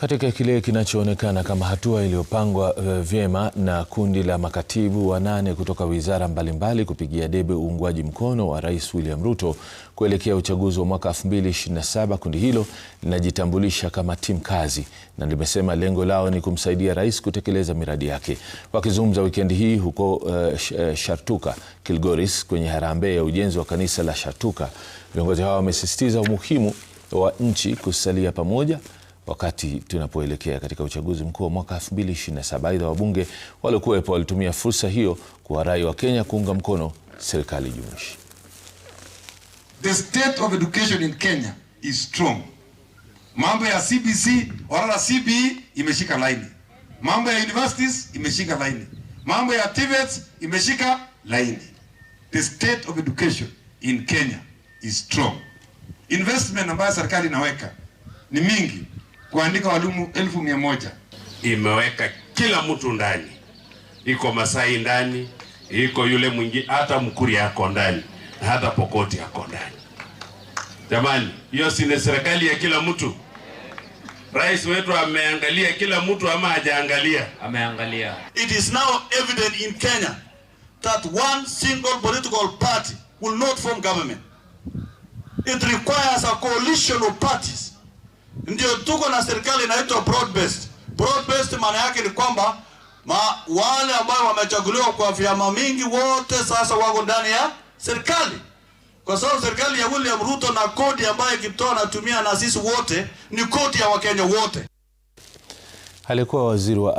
Katika kile kinachoonekana kama hatua iliyopangwa eh, vyema na kundi la makatibu wanane kutoka wizara mbalimbali kupigia debe uungwaji mkono wa Rais William Ruto kuelekea uchaguzi wa mwaka 2027, kundi hilo linajitambulisha kama timu kazi na limesema lengo lao ni kumsaidia rais kutekeleza miradi yake. Wakizungumza wikendi hii huko uh, Shartuka, Kilgoris, kwenye harambee ya ujenzi wa kanisa la Shartuka, viongozi hao wamesisitiza umuhimu wa nchi kusalia pamoja wakati tunapoelekea katika uchaguzi mkuu wa mwaka 2027. Aidha, wabunge waliokuwepo walitumia fursa hiyo kuwarai Kenya kuunga mkono serikali jumuishi. The state of education in Kenya is strong. Mambo ya CBC wala CBE imeshika laini, mambo ya universities imeshika laini, mambo ya TVETs imeshika laini. The state of education in Kenya is strong. Investment ambayo serikali inaweka ni mingi kuandika walimu elfu mia moja imeweka kila mtu ndani, iko Masai ndani, iko yule mwingine, hata Mkuri ako ndani, hata Pokoti ako ndani. Jamani, hiyo si ni serikali ya kila mtu? Rais wetu ameangalia kila mtu ama hajaangalia? Ameangalia. It is now evident in Kenya that one single political party will not form government. It requires a coalition of parties ndio tuko na serikali inaitwa broad based. Broad based maana yake ni kwamba ma wale ambao wamechaguliwa kwa vyama mingi wote sasa wako ndani ya serikali, kwa sababu serikali ya William Ruto na kodi ambayo ikitoa anatumia na sisi wote ni kodi ya Wakenya wote. Alikuwa waziri wa